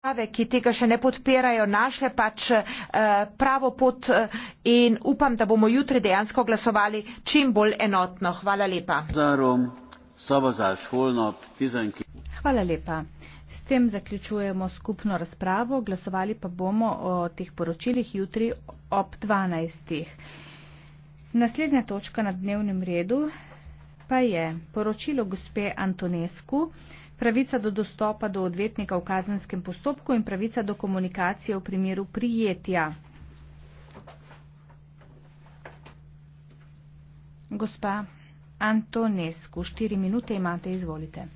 države, ki tega še ne podpirajo, našle pač eh, pravo pot eh, in upam, da bomo jutri dejansko glasovali čim bolj enotno. Hvala lepa. Hvala lepa. S tem zaključujemo skupno razpravo. Glasovali pa bomo o teh poročilih jutri ob 12. Naslednja točka na dnevnem redu pa je poročilo gospe Antonescu pravica do dostopa do odvetnika v kazenskem postopku in pravica do komunikacije v primeru prijetja. Gospa Antonescu, štiri minute imate, izvolite.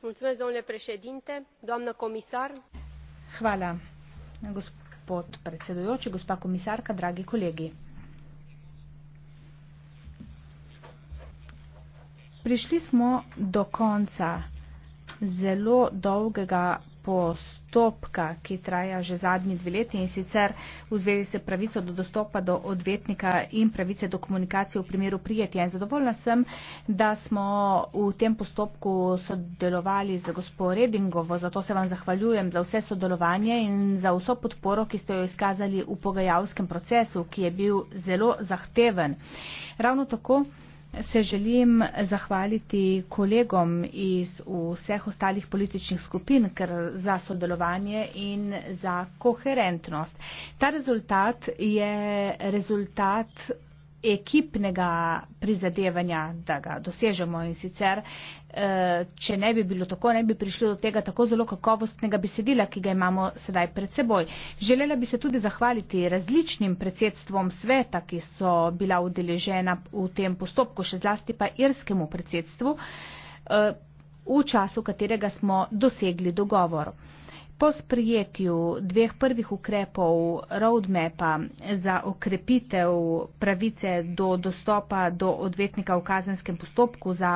Mulțumesc, domnule președinte, doamnă comisar. Hvala, gospod predsedujoči, gospa komisarka, dragi kolegi. Prišli smo do konca zelo dolgega postopka, ki traja že zadnji dve leti in sicer v zvezi se pravico do dostopa do odvetnika in pravice do komunikacije v primeru prijetja. In zadovoljna sem, da smo v tem postopku sodelovali z gospod Redingovo, zato se vam zahvaljujem za vse sodelovanje in za vso podporo, ki ste jo izkazali v pogajalskem procesu, ki je bil zelo zahteven. Ravno tako se želim zahvaliti kolegom iz vseh ostalih političnih skupin ker za sodelovanje in za koherentnost. Ta rezultat je rezultat ekipnega prizadevanja, da ga dosežemo in sicer, eh, če ne bi bilo tako, ne bi prišlo do tega tako zelo kakovostnega besedila, ki ga imamo sedaj pred seboj. Želela bi se tudi zahvaliti različnim predsedstvom sveta, ki so bila udeležena v tem postopku, še zlasti pa irskemu predsedstvu, eh, v času katerega smo dosegli dogovor. Po sprijetju dveh prvih ukrepov roadmapa za okrepitev pravice do dostopa do odvetnika v kazenskem postopku za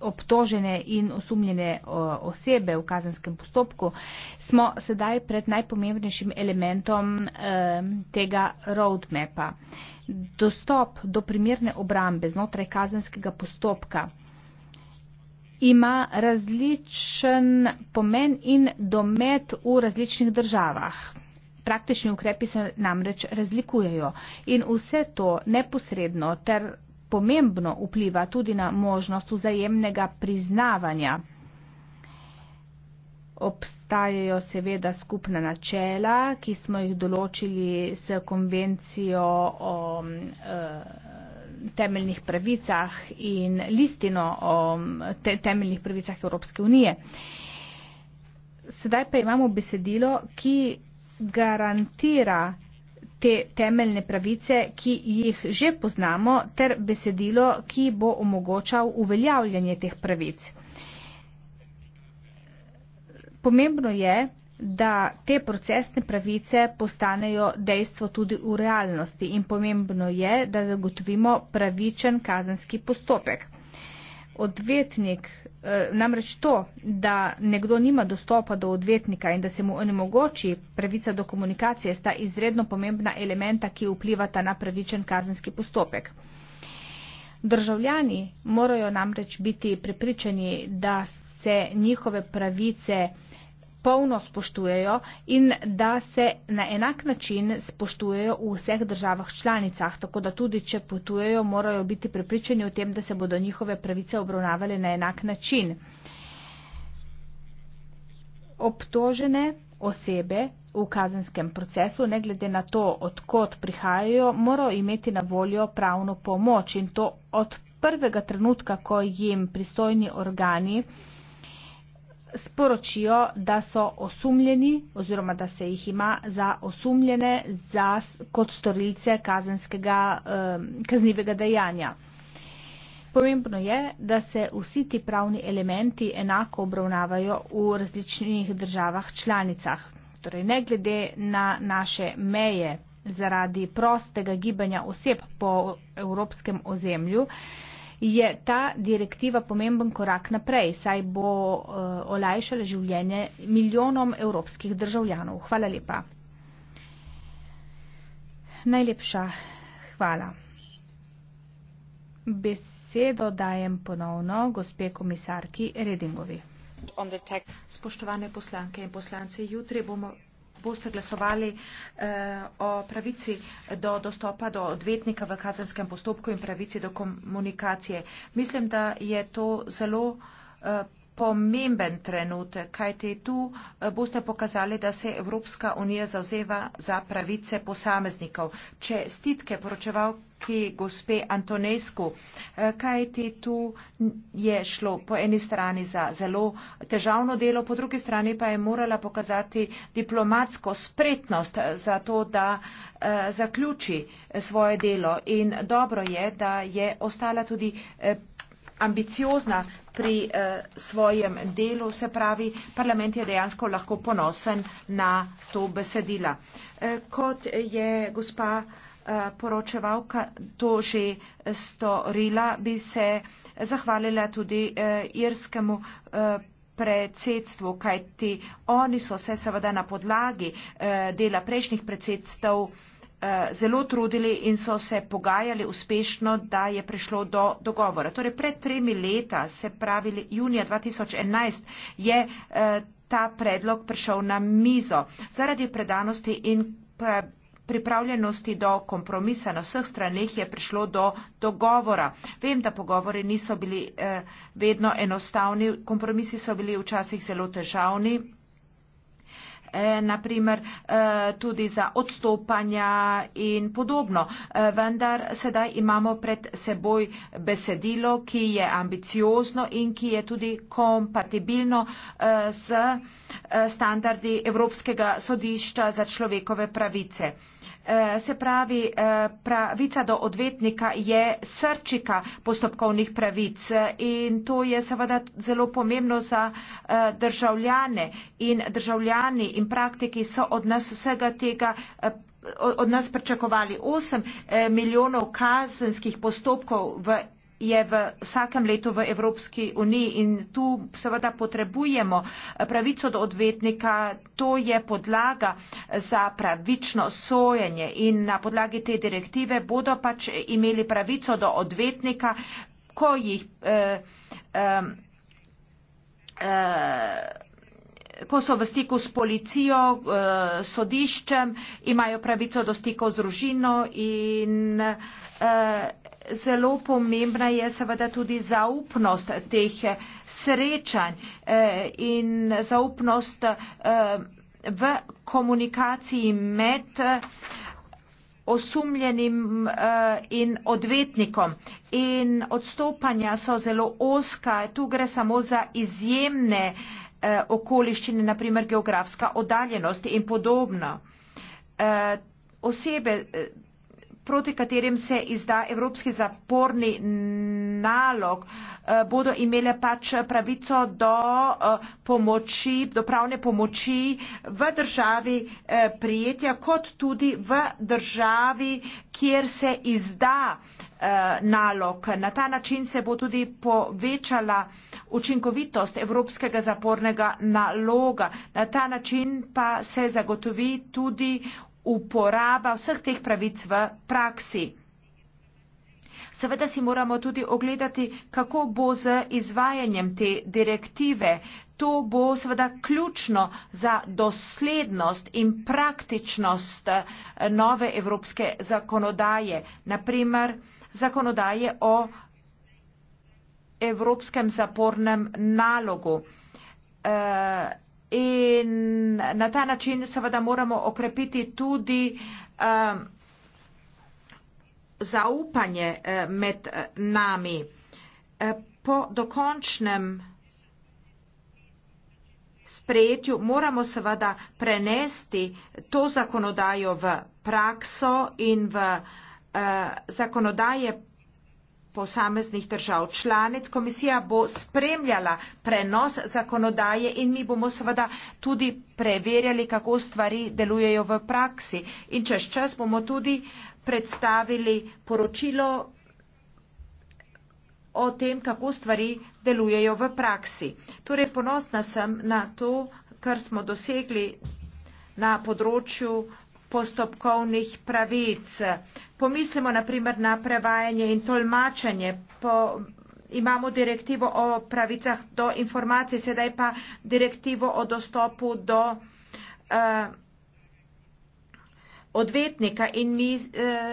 obtožene in osumljene osebe v kazenskem postopku, smo sedaj pred najpomembnejšim elementom tega roadmapa. Dostop do primerne obrambe znotraj kazenskega postopka ima različen pomen in domet v različnih državah. Praktični ukrepi se namreč razlikujejo in vse to neposredno ter pomembno vpliva tudi na možnost vzajemnega priznavanja. Obstajajo seveda skupna načela, ki smo jih določili s konvencijo o. o eh, temeljnih pravicah in listino o te, temeljnih pravicah Evropske unije. Sedaj pa imamo besedilo, ki garantira te temeljne pravice, ki jih že poznamo, ter besedilo, ki bo omogočal uveljavljanje teh pravic. Pomembno je, da te procesne pravice postanejo dejstvo tudi v realnosti in pomembno je, da zagotovimo pravičen kazenski postopek. Odvetnik, eh, namreč to, da nekdo nima dostopa do odvetnika in da se mu onemogoči pravica do komunikacije, sta izredno pomembna elementa, ki vplivata na pravičen kazenski postopek. Državljani morajo namreč biti prepričani, da se njihove pravice vsega, polno spoštujejo in da se na enak način spoštujejo v vseh državah članicah, tako da tudi, če potujejo, morajo biti prepričani o tem, da se bodo njihove pravice obravnavale na enak način. Obtožene osebe v kazenskem procesu, ne glede na to, odkot prihajajo, morajo imeti na voljo pravno pomoč in to od prvega trenutka, ko jim pristojni organi eh, sporočijo, da so osumljeni oziroma da se jih ima za osumljene za, kot storilce kazenskega, kaznivega dejanja. Pomembno je, da se vsi ti pravni elementi enako obravnavajo v različnih državah članicah. Torej, ne glede na naše meje zaradi prostega gibanja oseb po evropskem ozemlju, je ta direktiva pomemben korak naprej, saj bo eh, olajšala življenje milijonom evropskih državljanov. Hvala lepa. Najlepša hvala. Besedo dajem ponovno gospe komisarki Redingovi. Spoštovane poslanke in poslance, jutri bomo boste glasovali eh, o pravici do dostopa do odvetnika v kazenskem postopku in pravici do komunikacije. Mislim, da je to zelo eh, pomemben trenutek, kajte tu eh, boste pokazali, da se Evropska unija zauzeva za pravice posameznikov. Če stitke poročeval, ki gospe Antonesku, eh, kajti tu je šlo po eni strani za zelo težavno delo, po drugi strani pa je morala pokazati diplomatsko spretnost eh, za to, da eh, zaključi svoje delo. In dobro je, da je ostala tudi ambiciozna pri svojem delu, se pravi, parlament je dejansko lahko ponosen na to besedila. Kot je gospa Eh, poročevalka to že storila, bi se zahvalila tudi eh, irskemu eh, predsedstvu, kajti oni so se seveda na podlagi dela prejšnjih predsedstv zelo trudili in so se pogajali uspešno, da je prišlo do dogovora. Torej, pred tremi leta, se pravi junija 2011, je ta predlog prišel na mizo. Zaradi predanosti in pripravljenosti do kompromisa na vseh straneh je prišlo do dogovora. Vem, da pogovori niso bili eh, vedno enostavni, kompromisi so bili včasih zelo težavni. E, naprimer e, tudi za odstopanja in podobno. E, vendar sedaj imamo pred seboj besedilo, ki je ambiciozno in ki je tudi kompatibilno z standardi Evropskega sodišča za človekove pravice. Eh, se pravi, eh, pravica do odvetnika je srčika postopkovnih pravic eh, in to je seveda zelo pomembno za državljane in državljani in praktiki so od nas vsega tega od nas pričakovali 8 milijonov kazenskih postopkov v je v vsakem letu v Evropski uniji in tu seveda potrebujemo eh, pravico do odvetnika, to je podlaga za pravično sojenje in na podlagi te direktive bodo pač imeli pravico do odvetnika, ko jih. Eh, eh, eh, Ko so v stiku s policijo, eh, sodiščem, imajo pravico do stikov z družino in eh, Eh, zelo pomembna je seveda tudi zaupnost teh srečanj eh, in zaupnost eh, v komunikaciji med osumljenim in odvetnikom. In odstopanja so zelo oska, tu gre samo za izjemne okoliščine, naprimer geografska oddaljenost in podobno. Osebe proti katerim se izda evropski zaporni nalog, eh, bodo imele pač pravico do eh, pomoči, do pravne pomoči v državi eh, prijetja, kot tudi v državi, kjer se izda nalog. Na ta način se bo tudi povečala učinkovitost evropskega zapornega naloga. Na ta način pa se zagotovi tudi uporaba vseh teh pravic v praksi. Seveda si moramo tudi ogledati, kako bo z izvajanjem te direktive. To bo seveda ključno za doslednost in praktičnost eh, nove evropske zakonodaje, naprimer zakonodaje o evropskem zapornem nalogu. E, in na ta način seveda moramo okrepiti tudi um, zaupanje eh, med eh, nami. Eh, po dokončnem sprejetju moramo seveda prenesti to zakonodajo v prakso in v uh, zakonodaje posameznih držav članic. Komisija bo spremljala prenos zakonodaje in mi bomo seveda tudi preverjali, kako stvari delujejo v praksi. In čez čas bomo tudi predstavili poročilo o tem, kako stvari delujejo v praksi. Torej, ponosna sem na to, kar smo dosegli na področju postopkovnih pravic. Pomislimo naprimer na prevajanje in tolmačenje. Po, imamo direktivo o pravicah do informacij, sedaj pa direktivo o dostopu do uh, odvetnika in mi uh,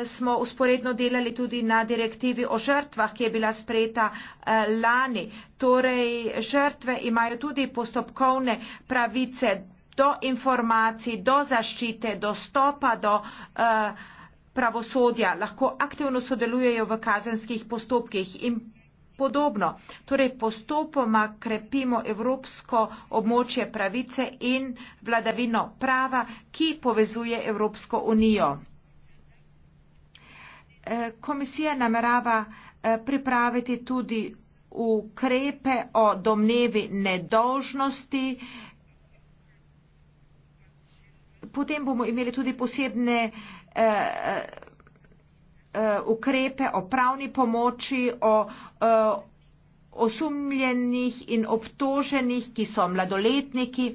smo usporedno delali tudi na direktivi o žrtvah, ki je bila spreta uh, eh, lani. Torej, žrtve imajo tudi postopkovne pravice do informacij, do zaščite, dostopa do uh, pravosodja, lahko aktivno sodelujejo v kazenskih postopkih in podobno. Torej postopoma krepimo evropsko območje pravice in vladavino prava, ki povezuje Evropsko unijo. Eh, komisija namerava eh, pripraviti tudi ukrepe o domnevi nedolžnosti, potem bomo imeli tudi posebne eh, eh, eh, ukrepe o pravni pomoči, o osumljenih in obtoženih, ki so mladoletniki.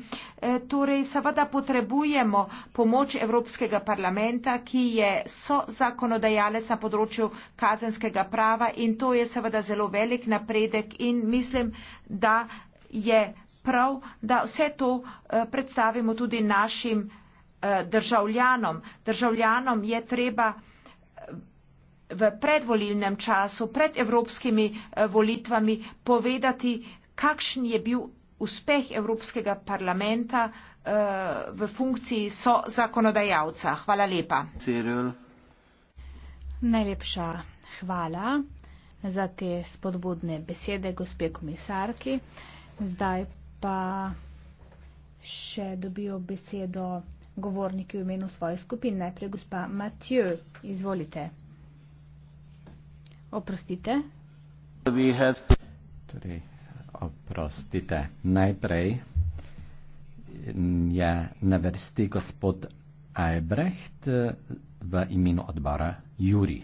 Torej, seveda potrebujemo pomoč Evropskega parlamenta, ki je so zakonodajalec na področju kazenskega prava in to je seveda zelo velik napredek in mislim, da je prav, da vse to predstavimo tudi našim Eh, državljanom. Državljanom je treba eh, v predvolilnem času, pred evropskimi eh, volitvami povedati, kakšen je bil uspeh Evropskega parlamenta v funkciji so zakonodajalca. Hvala lepa. Cyril. Najlepša hvala za te spodbudne besede, gospe komisarki. Zdaj pa še dobijo besedo Govornik je v imenu svoje skupine, najprej gospa Mathieu. Izvolite. Oprostite. Torej, oprostite. Najprej je na vrsti gospod Albrecht v imenu odbora Juri.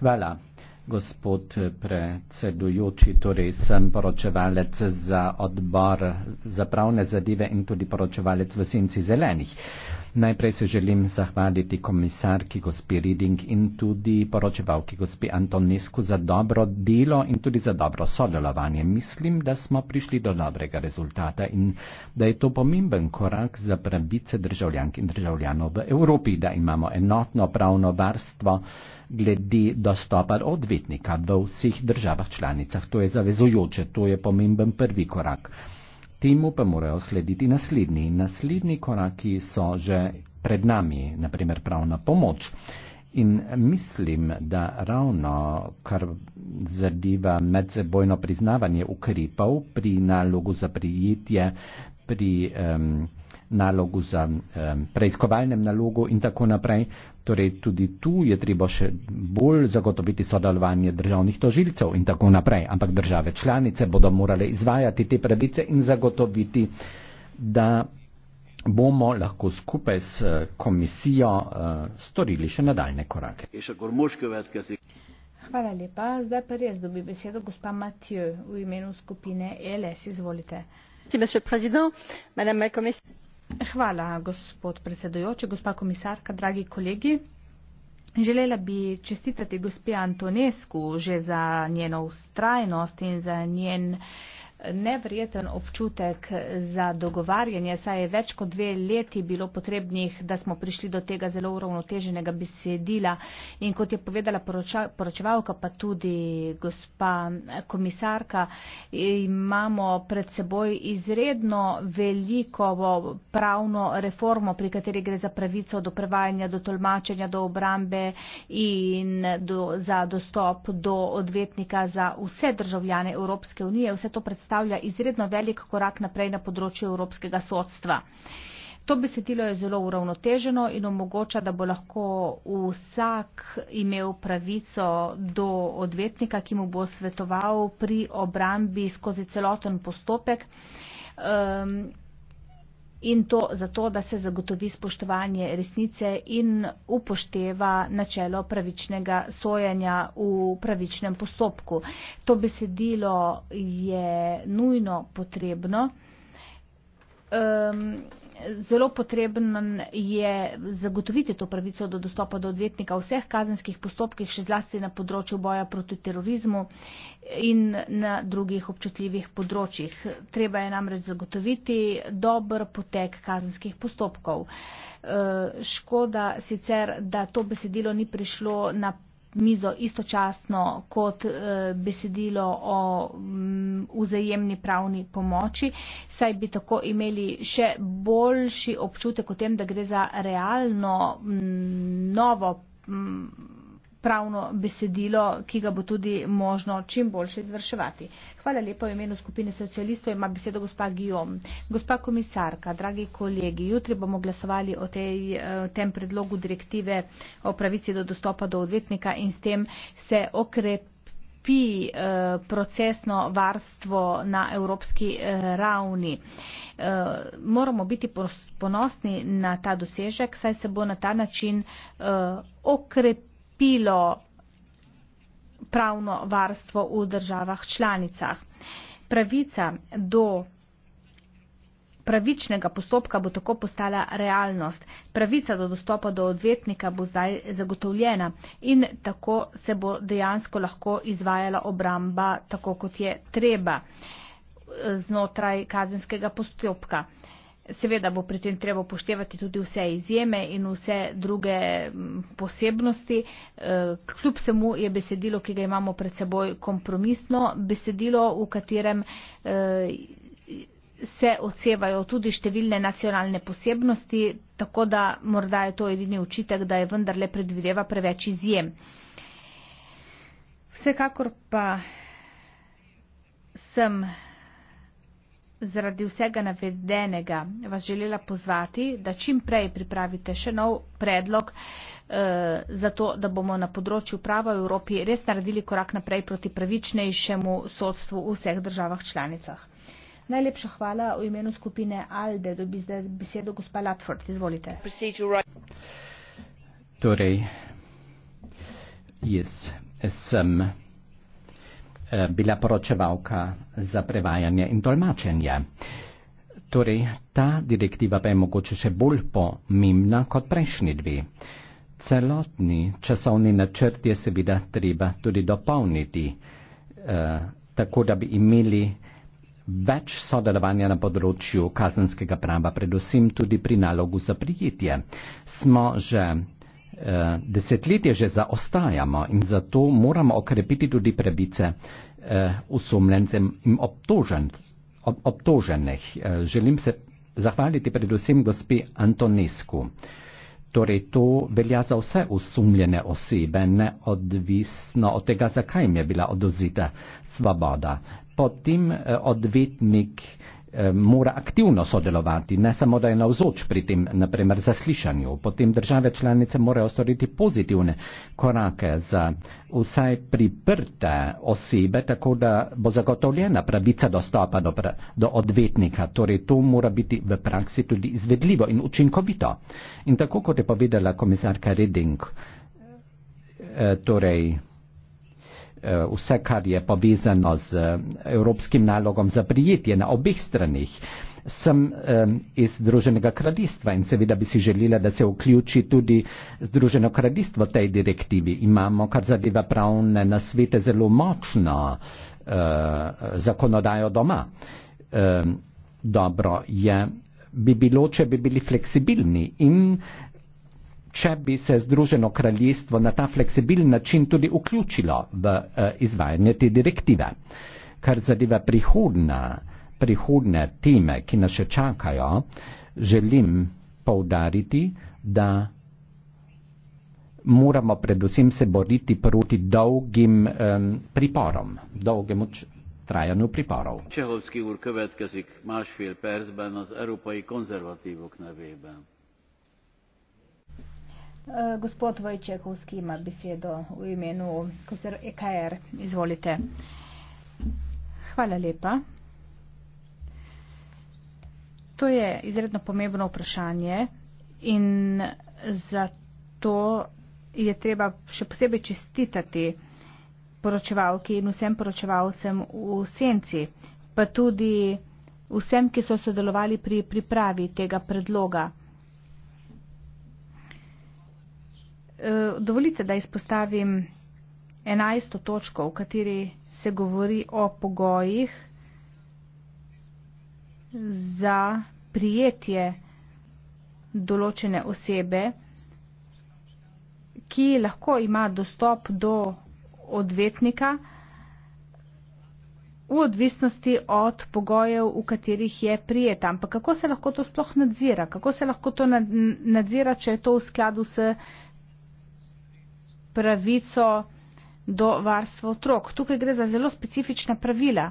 Hvala. Gospod predsedujoči, torej sem poročevalec za odbor za pravne zadeve in tudi poročevalec v senci zelenih. Najprej se želim zahvaliti komisarki gospi Reding in tudi poročevalki gospi Antonescu za dobro delo in tudi za dobro sodelovanje. Mislim, da smo prišli do dobrega rezultata in da je to pomemben korak za pravice državljank in državljanov v Evropi, da imamo enotno pravno varstvo glede dostopa odvetnika v vseh državah članicah. To je zavezujoče, to je pomemben prvi korak temu pa morajo slediti naslednji. Naslednji koraki so že pred nami, naprimer pravna pomoč. In mislim, da ravno kar zadeva medsebojno priznavanje ukrepov pri nalogu za prijetje, pri. Um, nalogu za preiskovalnem nalogu in tako naprej. Torej tudi tu je treba še bolj zagotoviti sodelovanje državnih tožilcev in tako naprej. Ampak države članice bodo morale izvajati te pravice in zagotoviti, da bomo lahko skupaj s eh, komisijo uh, storili še nadaljne korake. Hvala lepa. Zdaj pa res dobi besedo gospa Matijo v imenu skupine e LS. Izvolite. Monsieur le Président, Madame la Commissaire. Hvala, gospod predsedujoči, gospa komisarka, dragi kolegi. Želela bi čestitati gospe Antonescu že za njeno ustrajnost in za njen eh, nevreten občutek za dogovarjanje, saj je več kot dve leti bilo potrebnih, da smo prišli do tega zelo uravnoteženega besedila. In kot je povedala poroča, poročevalka, pa tudi gospa komisarka, imamo pred seboj izredno veliko pravno reformo, pri kateri gre za pravico do prevajanja, do tolmačenja, do obrambe in do, za dostop do odvetnika za vse državljane Evropske unije. Vse to predstavlja predstavlja izredno velik korak naprej na področju evropskega sodstva. To besedilo je zelo uravnoteženo in omogoča, da bo lahko vsak imel pravico do odvetnika, ki mu bo svetoval pri obrambi skozi celoten postopek. Um, in to zato, da se zagotovi spoštovanje resnice in upošteva načelo pravičnega sojanja v pravičnem postopku. To besedilo je nujno potrebno. Um, zelo potrebno je zagotoviti to pravico do dostopa do odvetnika v vseh kazenskih postopkih, še zlasti na področju boja proti terorizmu in na drugih občutljivih področjih. Treba je namreč zagotoviti dober potek kazenskih postopkov. Eh, škoda sicer, da to besedilo ni prišlo na mizo istočasno kot eh, besedilo o mm, vzajemni pravni pomoči, saj bi tako imeli še boljši občutek o tem, da gre za realno mm, novo. Mm, pravno besedilo, ki ga bo tudi možno čim boljše izvrševati. Hvala lepa v imenu skupine socialistov ima besedo gospa Gijom. Gospa komisarka, dragi kolegi, jutri bomo glasovali o tej, eh, tem predlogu direktive o pravici do dostopa do odvetnika in s tem se okrep eh, procesno varstvo na evropski eh, ravni. Moramo biti ponosni na ta dosežek, saj se bo na ta način okrepil okrepilo pravno varstvo v državah članicah. Pravica do pravičnega postopka bo tako postala realnost. Pravica do dostopa do odvetnika bo zdaj zagotovljena in tako se bo dejansko lahko izvajala obramba tako, kot je treba znotraj kazenskega postopka. Seveda bo pri tem treba upoštevati tudi vse izjeme in vse druge posebnosti. E, kljub vsemu je besedilo, ki ga imamo pred seboj, kompromisno besedilo, v katerem e, se odsevajo tudi številne nacionalne posebnosti, tako da morda je to edini očitek, da je vendarle predvideva preveč izjem. Vsekakor pa sem Zaradi vsega navedenega vas želela pozvati, da čim prej pripravite še nov predlog, eh, zato da bomo na področju prava v Evropi res naredili korak naprej proti pravičnejšemu sodstvu v vseh državah članicah. Najlepša hvala v imenu skupine ALDE, dobi zdaj besedo gospa Latford. Izvolite. Torej, jaz sem. Eh, bila poročevalka za prevajanje in tolmačenje. Torej, ta direktiva pa je mogoče še bolj pomembna kot prejšnji dve. Celotni časovni načrt je seveda treba tudi dopolniti, eh, tako da bi imeli več sodelovanja na področju kazenskega prava, predvsem tudi pri nalogu za prijetje. Smo že eh, desetletje že zaostajamo in zato moramo okrepiti tudi pravice eh, usumljencem in obtožen, ob, obtoženih. Eh, želim se zahvaliti predvsem gospe Antonesku. Torej, to velja za vse usumljene osebe, neodvisno od tega, zakaj jim je bila odozita svoboda. Potem eh, odvetnik. Eh, mora aktivno sodelovati, ne samo da je navzoč pri tem, naprimer, zaslišanju. Potem države članice morajo storiti pozitivne korake za vsaj priprte osebe, tako da bo zagotovljena pravica dostopa do, pra, do odvetnika. Torej, to mora biti v praksi tudi izvedljivo in učinkovito. In tako kot je povedala komisarka Reding, eh, torej, Eh, vse, kar je povezano z eh, evropskim nalogom za prijetje na obih stranih. Sem eh, iz Združenega kraljestva in seveda bi si želela, da se vključi tudi Združeno kraljestvo v tej direktivi. Imamo, kar zadeva pravne na svete, zelo močno zakonodajo doma. Dobro je, bi bilo, če bi bili fleksibilni in če bi se Združeno kraljestvo na ta fleksibilen način tudi vključilo v eh, izvajanje te direktive. Kar zadeva prihodna, prihodne teme, ki nas še čakajo, želim povdariti, da moramo predvsem se boriti proti dolgim um, priporom, dolgemu trajanju priporov. Čehovski ur, kvetkazik, Mašfil Persben, od Evropskih konzervativov k nebebem. Eh, gospod Vojčekovski ima besedo v imenu EKR. E Izvolite. Hvala lepa. To je izredno pomembno vprašanje in zato je treba še posebej čestitati poročevalki in vsem poročevalcem v senci, pa tudi vsem, ki so sodelovali pri pripravi tega predloga. Eh, dovolite, da izpostavim 11. točko, v kateri se govori o pogojih za prijetje določene osebe, ki lahko ima dostop do odvetnika v odvisnosti od pogojev, v katerih je prijeta. Ampak kako se lahko to sploh nadzira? Kako se lahko to nadzira, če je to v skladu s pravico do varstva otrok. Tukaj gre za zelo specifična pravila,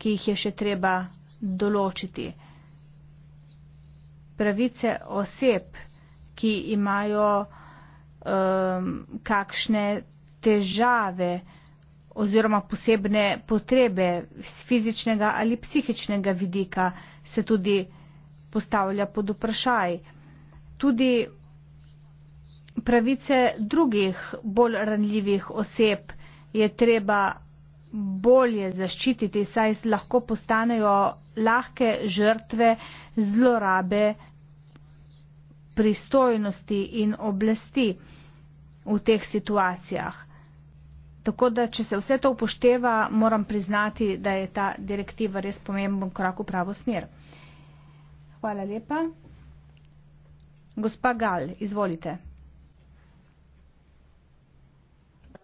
ki jih je še treba določiti. Pravice oseb, ki imajo um, kakšne težave oziroma posebne potrebe z fizičnega ali psihičnega vidika, se tudi postavlja pod vprašaj. Tudi pravice drugih bolj ranljivih oseb je treba bolje zaščititi, saj lahko postanejo lahke žrtve zlorabe pristojnosti in oblasti v teh situacijah. Tako da, če se vse to upošteva, moram priznati, da je ta direktiva res pomemben korak v pravo smer. Hvala lepa. Gospa Gal, izvolite.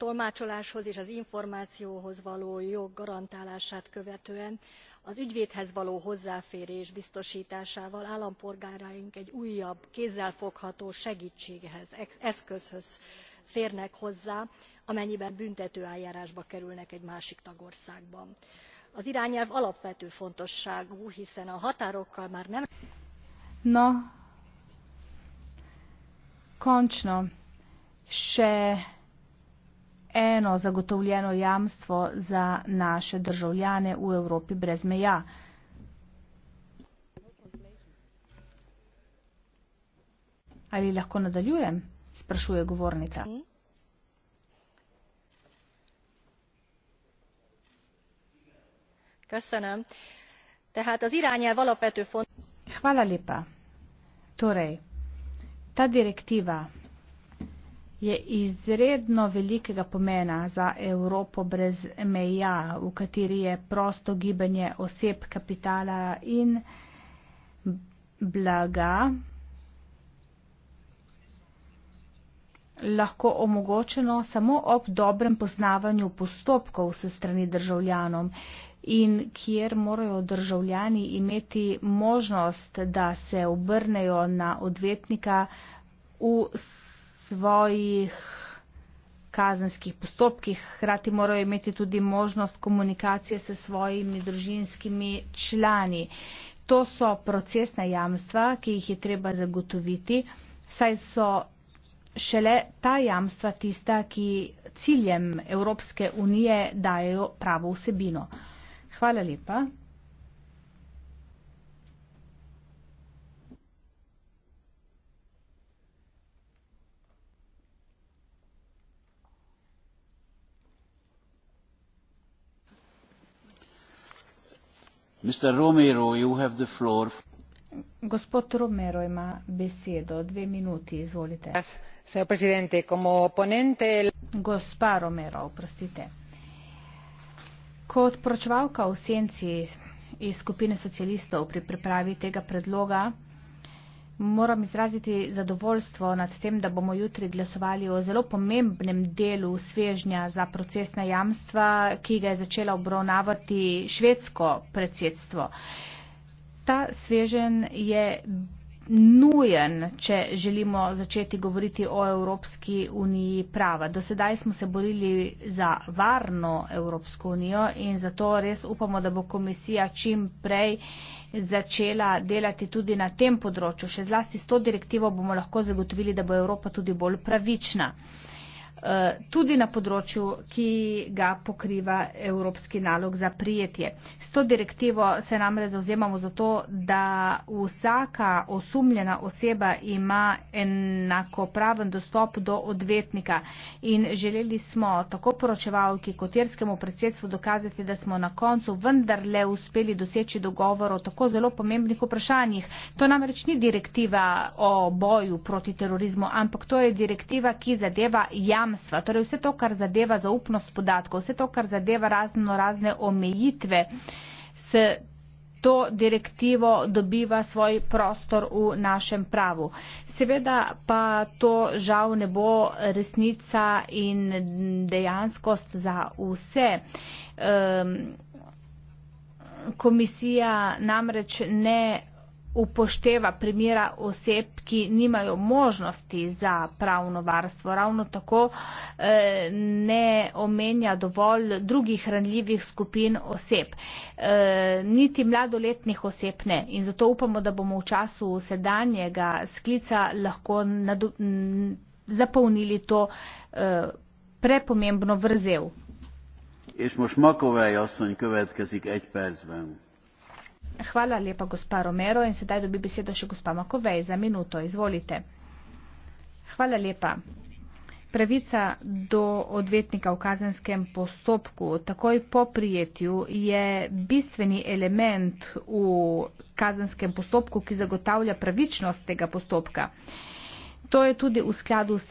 tolmácsoláshoz és az információhoz való jog garantálását követően az ügyvédhez való hozzáférés biztostásával állampolgáraink egy újabb kézzelfogható segtséghez eszközhöz férnek hozzá amennyiben büntetőeljárásba kerülnek egy másik tagországban. az irányelv alapvető fontosságú hiszen a határokkal már nem. na kończ no se eno zagotovljeno jamstvo za naše državljane v Evropi brez meja. Ali lahko nadaljujem? Sprašuje govornica. Mhm. Hvala lepa. Torej, ta direktiva je izredno velikega pomena za Evropo brez meja, v kateri je prosto gibanje oseb, kapitala in blaga lahko omogočeno samo ob dobrem poznavanju postopkov se strani državljanom in kjer morajo državljani imeti možnost, da se obrnejo na odvetnika v svojih kazenskih postopkih, hkrati morajo imeti tudi možnost komunikacije s svojimi družinskimi člani. To so procesna jamstva, ki jih je treba zagotoviti, saj so šele ta jamstva tista, ki ciljem Evropske unije dajo pravo vsebino. Hvala lepa. Mr. Romero, you have the floor. Gospod Romero ima besedo. Dve minuti, izvolite. Señor presidente, como ponente... Gospa Romero, oprostite. Kot pročvalka v senci iz skupine socialistov pri pripravi tega predloga, Moram izraziti zadovoljstvo nad tem, da bomo jutri glasovali o zelo pomembnem delu svežnja za procesna jamstva, ki ga je začela obravnavati švedsko predsedstvo. Ta svežen je nujen, če želimo začeti govoriti o Evropski uniji prava. Do sedaj smo se borili za varno Evropsko unijo in zato res upamo, da bo komisija čim prej začela delati tudi na tem področju. Še zlasti s to direktivo bomo lahko zagotovili, da bo Evropa tudi bolj pravična. Eh, tudi na področju, ki ga pokriva evropski nalog za prijetje. S to direktivo se namre zauzemamo za to, da vsaka osumljena oseba ima enakopraven dostop do odvetnika in želeli smo tako poročevalki kot irskemu predsedstvu dokazati, da smo na koncu vendarle uspeli doseči dogovor o tako zelo pomembnih vprašanjih. To namreč ni direktiva o boju proti terorizmu, ampak to je direktiva, ki zadeva jam jamstva, torej vse to, kar zadeva zaupnost podatkov, vse to, kar zadeva razno razne omejitve, se to direktivo dobiva svoj prostor v našem pravu. Seveda pa to žal ne bo resnica in dejanskost za vse. Um, komisija namreč ne upošteva primjera oseb, ki nimajo možnosti za pravno varstvo. Ravno tako eh, ne omenja dovolj drugih ranljivih skupin oseb. Eh, niti mladoletnih oseb ne. In zato upamo, da bomo v času sedanjega sklica lahko zapolnili to eh, prepomembno vrzel. In zdaj Šmakova je jasno in kvetka zik 1 percven. Hvala lepa, gospa Romero. In sedaj dobi besedo še gospa Makovej za minuto. Izvolite. Hvala lepa. Pravica do odvetnika v kazenskem postopku takoj po prijetju je bistveni element v kazenskem postopku, ki zagotavlja pravičnost tega postopka. To je tudi v skladu s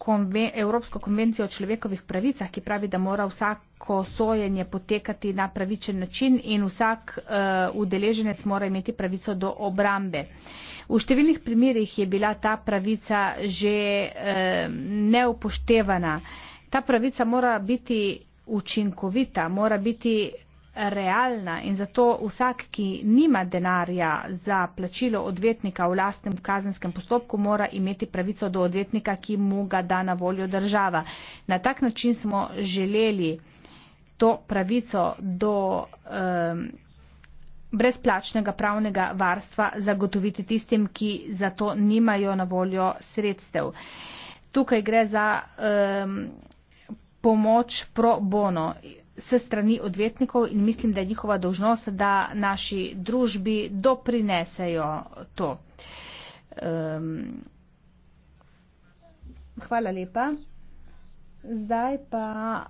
konve, Evropsko konvencijo o človekovih pravicah, ki pravi, da mora vsako sojenje potekati na pravičen način in vsak uh, udeleženec mora imeti pravico do obrambe. V številnih primerjih je bila ta pravica že uh, neupoštevana. Ta pravica mora biti učinkovita, mora biti realna in zato vsak, ki nima denarja za plačilo odvetnika v lastnem kazenskem postopku, mora imeti pravico do odvetnika, ki mu ga da na voljo država. Na tak način smo želeli to pravico do um, brezplačnega pravnega varstva zagotoviti tistim, ki za to nimajo na voljo sredstev. Tukaj gre za um, pomoč pro bono se strani odvetnikov in mislim, da je njihova dožnost, da naši družbi doprinesejo to. Um, hvala lepa. Zdaj pa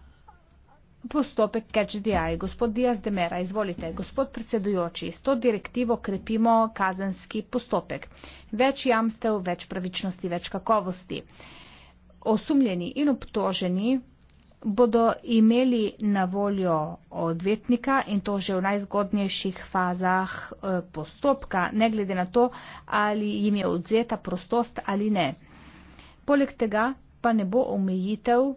postopek Catch the Eye. Gospod Diaz de Mera, izvolite. Gospod predsedujoči, s to direktivo krepimo kazenski postopek. Več jamstev, več pravičnosti, več kakovosti. Osumljeni in obtoženi bodo imeli na voljo odvetnika in to že v najzgodnejših fazah eh, postopka, ne glede na to, ali jim je odzeta prostost ali ne. Poleg tega pa ne bo omejitev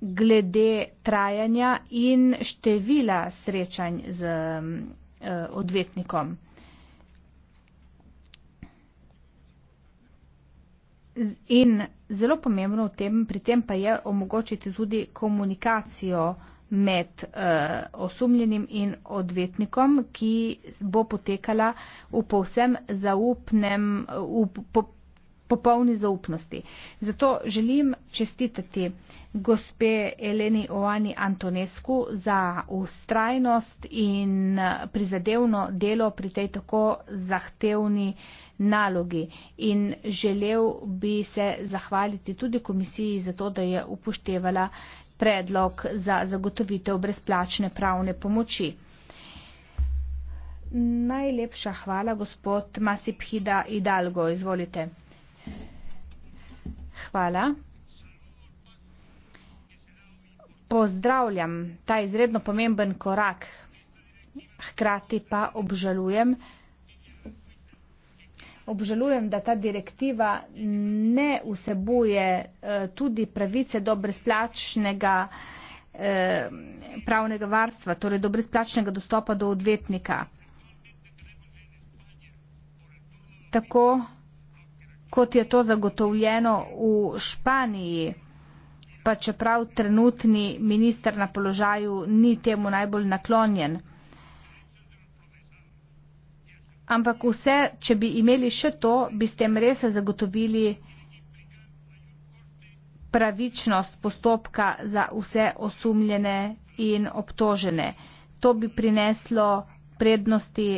glede trajanja in števila srečanj z eh, odvetnikom. In Zelo pomembno v tem, pri tem pa je omogočiti tudi komunikacijo med eh, osumljenim in odvetnikom, ki bo potekala v povsem zaupnem, v, po, popolni zaupnosti. Zato želim čestitati gospe Eleni Oani Antonescu za ustrajnost in prizadevno delo pri tej tako zahtevni nalogi. In želel bi se zahvaliti tudi komisiji za to, da je upoštevala predlog za zagotovitev brezplačne pravne pomoči. Najlepša hvala, gospod Masip Hida Hidalgo. Izvolite. Hvala. Pozdravljam ta izredno pomemben korak, hkrati pa obžalujem, obžalujem, da ta direktiva ne vsebuje eh, tudi pravice do brezplačnega eh, pravnega varstva, torej do brezplačnega dostopa do odvetnika. Tako kot je to zagotovljeno v Španiji, pa čeprav trenutni minister na položaju ni temu najbolj naklonjen. Ampak vse, če bi imeli še to, bi s tem res zagotovili pravičnost postopka za vse osumljene in obtožene. To bi prineslo prednosti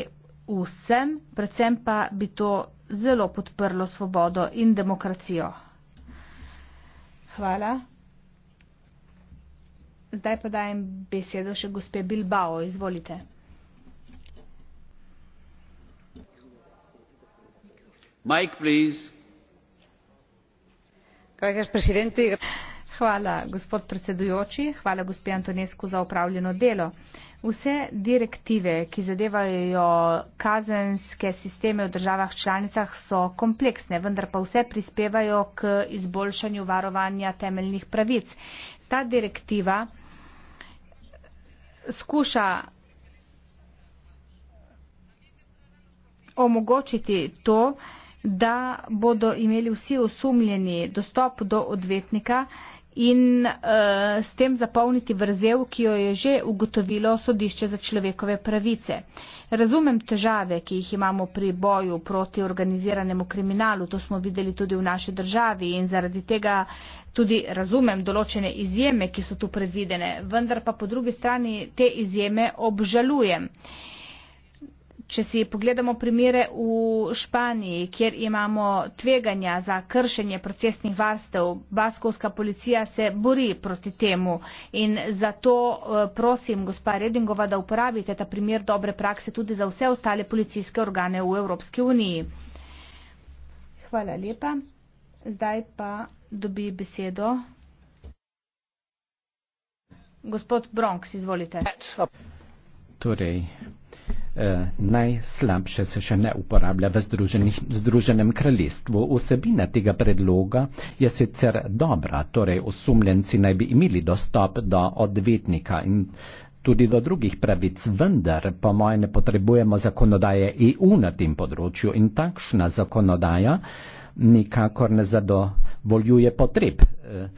vsem, predvsem pa bi to zelo podprlo svobodo in demokracijo. Hvala. Zdaj pa dajem besedo še gospe Bilbao. Izvolite. Mike, Gracias, presidente. Hvala, gospod predsedujoči. Hvala, gospod Antonesku, za upravljeno delo. Vse direktive, ki zadevajo kazenske sisteme v državah članicah, so kompleksne, vendar pa vse prispevajo k izboljšanju varovanja temeljnih pravic. Ta direktiva skuša omogočiti to, da bodo imeli vsi osumljeni dostop do odvetnika, in uh, s tem zapolniti vrzel, ki jo je že ugotovilo sodišče za človekove pravice. Razumem težave, ki jih imamo pri boju proti organiziranemu kriminalu, to smo videli tudi v naši državi in zaradi tega tudi razumem določene izjeme, ki so tu predvidene, vendar pa po drugi strani te izjeme obžalujem. Uh, če si pogledamo primere v Španiji, kjer imamo tveganja za kršenje procesnih varstev, baskovska policija se bori proti temu in zato eh, prosim gospa Redingova, da uporabite ta primer dobre prakse tudi za vse ostale policijske organe v Evropski uniji. Hvala lepa. Zdaj pa dobi besedo. Gospod Bronx, izvolite. Torej, Eh, najslabše se še ne uporablja v Združenem kraljestvu. Vsebina tega predloga je sicer dobra, torej osumljenci naj bi imeli dostop do odvetnika in tudi do drugih pravic, vendar po moje ne potrebujemo zakonodaje EU na tem področju in takšna zakonodaja nikakor ne zadovoljuje potreb. Eh,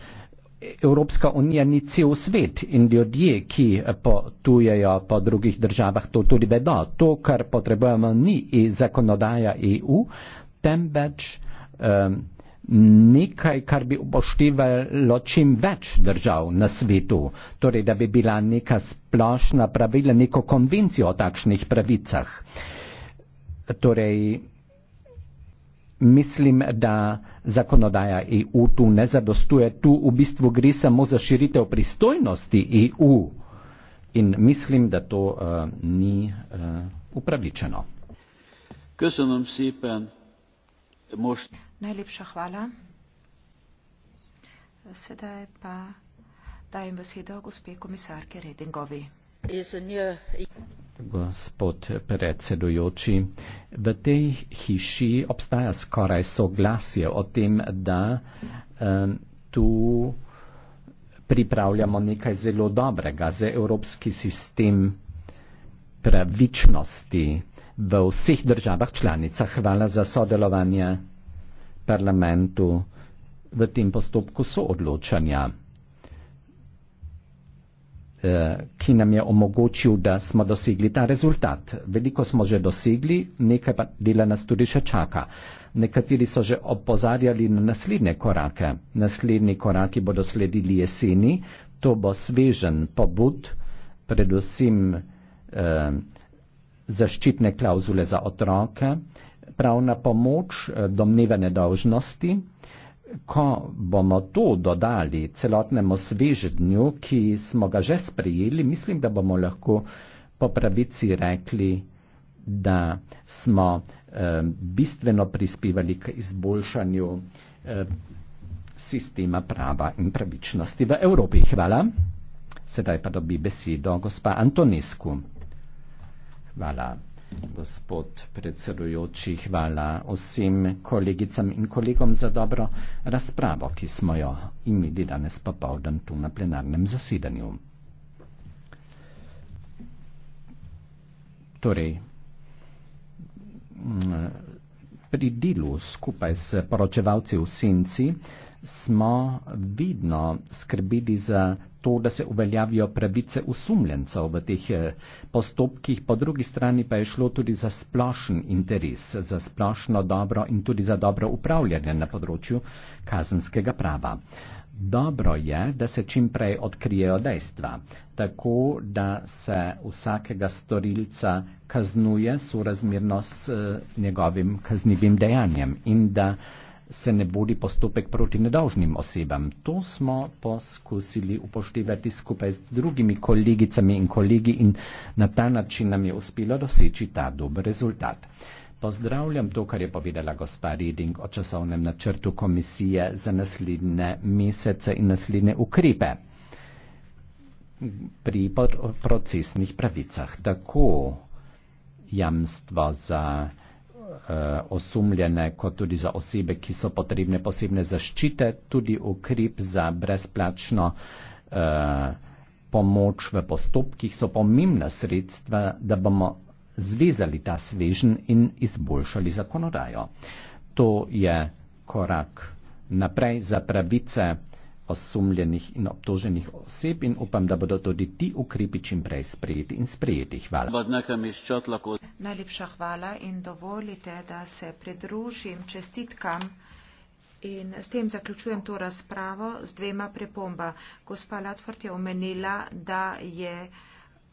Evropska unija ni cel svet in ljudje, ki eh, potujejo po drugih državah, to tudi vedo. To, kar potrebujemo, ni zakonodaja EU, temveč um, nekaj, kar bi upoštevalo čim več držav na svetu. Torej, da bi bila neka splošna pravila, neko konvencijo o takšnih pravicah. Torej, mislim, da zakonodaja EU tu ne zadostuje, tu v bistvu gre samo za širitev pristojnosti EU in mislim, da to uh, ni uh, upravičeno. Najlepša hvala. Sedaj pa dajem besedo gospe komisarke Redingovi gospod predsedujoči. V tej hiši obstaja skoraj soglasje o tem, da eh, tu pripravljamo nekaj zelo dobrega za evropski sistem pravičnosti v vseh državah članicah. Hvala za sodelovanje parlamentu v tem postopku soodločanja. Eh, ki nam je omogočil, da smo dosegli ta rezultat. Veliko smo že dosegli, nekaj pa dela nas tudi še čaka. Nekateri so že opozarjali na naslednje korake. Naslednji koraki bodo sledili jeseni, to bo svežen pobud, predvsem eh, zaščitne klauzule za otroke, pravna pomoč, domneve nedolžnosti. Eh, ko bomo to dodali celotnemu svežnju, ki smo ga že sprejeli, mislim, da bomo lahko po pravici rekli, da smo eh, bistveno prispevali k izboljšanju eh, sistema prava in pravičnosti v Evropi. Hvala. Sedaj pa dobi besedo gospa Antonescu. Hvala. Gospod predsedujoči, hvala vsem kolegicam in kolegom za dobro razpravo, ki smo jo imeli danes popovdan tu na plenarnem zasedanju. Torej, pri delu skupaj s poročevalci v Senci smo vidno skrbeli za to, da se uveljavijo pravice usumljencev v teh eh, postopkih, po drugi strani pa je šlo tudi za splošen interes, za splošno dobro in tudi za dobro upravljanje na področju kazenskega prava. Dobro je, da se čim prej odkrijejo dejstva, tako da se vsakega storilca kaznuje sorazmerno s eh, njegovim kaznivim dejanjem in da se ne vodi postopek proti nedolžnim osebam. To smo poskusili upoštevati skupaj z drugimi kolegicami in kolegi in na ta način nam je uspelo doseči ta dober rezultat. Pozdravljam to, kar je povedala gospa Reding o časovnem načrtu komisije za naslednje mesece in naslednje ukrepe pri procesnih pravicah. Tako jamstvo za. Eh, osumljene, kot tudi za osebe, ki so potrebne posebne zaščite, tudi ukrep za brezplačno eh, pomoč v postopkih so pomembna sredstva, da bomo zvezali ta svežen in izboljšali zakonodajo. To je korak naprej za pravice osumljenih in obtoženih oseb in upam, da bodo tudi ti ukrepi čim prej sprejeti in sprejeti. Hvala. Najlepša hvala in dovolite, da se pridružim čestitkam. In s tem zaključujem to razpravo z dvema prepomba. Gospa Latford je omenila, da je